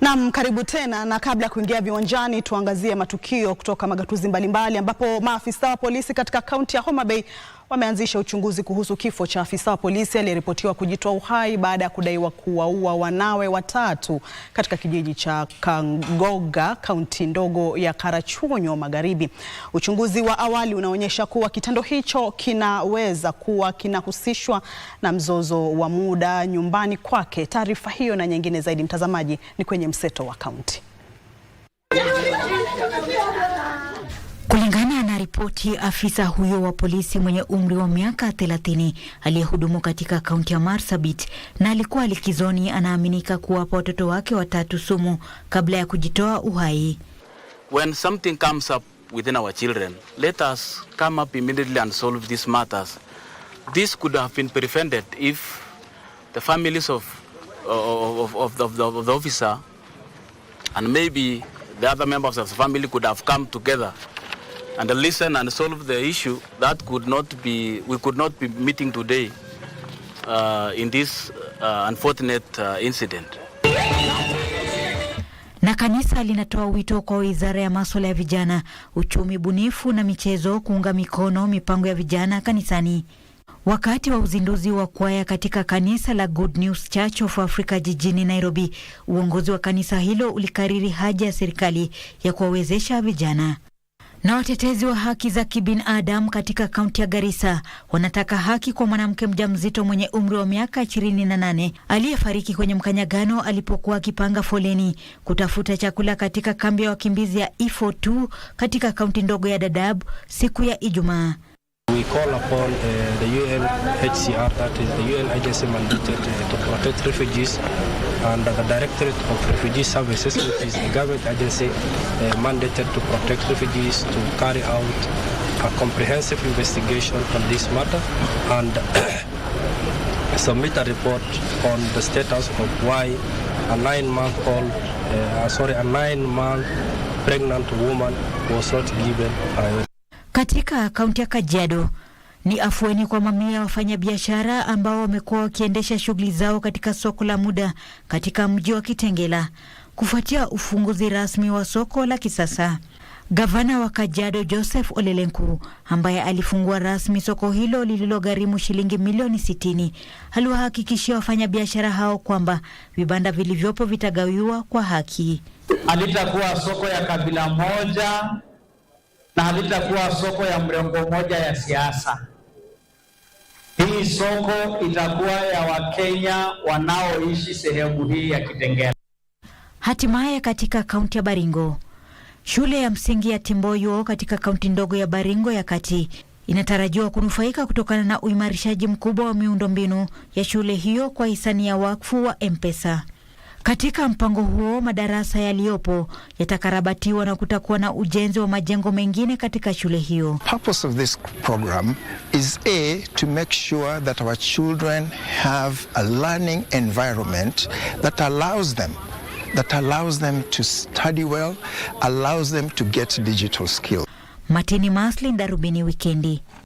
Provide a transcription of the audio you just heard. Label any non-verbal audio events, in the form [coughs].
Nam, karibu tena na kabla ya kuingia viwanjani tuangazie matukio kutoka magatuzi mbalimbali ambapo maafisa wa polisi katika kaunti ya Homa Bay wameanzisha uchunguzi kuhusu kifo cha afisa wa polisi aliyeripotiwa kujitoa uhai baada ya kudaiwa kuwaua wanawe watatu katika kijiji cha Kangoga, kaunti ndogo ya Karachuonyo Magharibi. Uchunguzi wa awali unaonyesha kuwa kitendo hicho kinaweza kuwa kinahusishwa na mzozo wa muda nyumbani kwake. Taarifa hiyo na nyingine zaidi, mtazamaji, ni kwenye kwenye mseto wa kaunti. Kulingana na ripoti, afisa huyo wa polisi mwenye umri wa miaka 30 aliyehudumu katika kaunti ya Marsabit na alikuwa likizoni, anaaminika kuwapa watoto wake watatu sumu kabla ya kujitoa uhai. When something comes up within our children, let us come up immediately and solve these matters. This could have been prevented if the families of, of, of, of, of the officer and maybe the other members of the family could have come together and listen and solve the issue that could not be we could not be meeting today uh, in this uh, unfortunate uh, incident. Na kanisa linatoa wito kwa wizara ya masuala ya vijana, uchumi bunifu na michezo kuunga mikono mipango ya vijana kanisani. Wakati wa uzinduzi wa kwaya katika kanisa la Good News Church of Africa jijini Nairobi, uongozi wa kanisa hilo ulikariri haja ya serikali ya kuwawezesha vijana. Na watetezi wa haki za kibinadamu katika kaunti ya Garissa wanataka haki kwa mwanamke mjamzito mwenye umri wa miaka 28 aliyefariki kwenye mkanyagano alipokuwa akipanga foleni kutafuta chakula katika kambi ya wakimbizi ya e4 katika kaunti ndogo ya Dadaab siku ya Ijumaa. We call upon uh, the UNHCR, that is the UN agency mandated uh, to protect refugees, and the Directorate of Refugee Services, which is the government agency uh, mandated to protect refugees, to carry out a comprehensive investigation on this matter and [coughs] submit a report on the status of why a nine-month-old, uh, sorry, a nine-month pregnant woman was not given priority. Katika kaunti ya Kajiado ni afueni kwa mamia ya wafanyabiashara ambao wamekuwa wakiendesha shughuli zao katika soko la muda katika mji wa Kitengela kufuatia ufunguzi rasmi wa soko la kisasa. Gavana wa Kajiado Joseph Olelenku, ambaye alifungua rasmi soko hilo lililogharimu shilingi milioni sitini, aliwahakikishia wafanyabiashara hao kwamba vibanda vilivyopo vitagawiwa kwa haki. Alitakuwa soko ya kabila moja na halitakuwa soko ya mrengo mmoja ya siasa. Hii soko itakuwa ya Wakenya wanaoishi sehemu hii ya Kitengela. Hatimaye katika kaunti ya Baringo, shule ya msingi ya Timboyo katika kaunti ndogo ya Baringo ya kati inatarajiwa kunufaika kutokana na uimarishaji mkubwa wa miundombinu ya shule hiyo kwa hisani ya wakfu wa Mpesa. Katika mpango huo madarasa yaliyopo yatakarabatiwa na kutakuwa na ujenzi wa majengo mengine katika shule hiyo. Purpose of this program is a to make sure that our children have a learning environment that allows them that allows them to study well, allows them to get digital skills. Martini Maslin, Darubini Wikendi.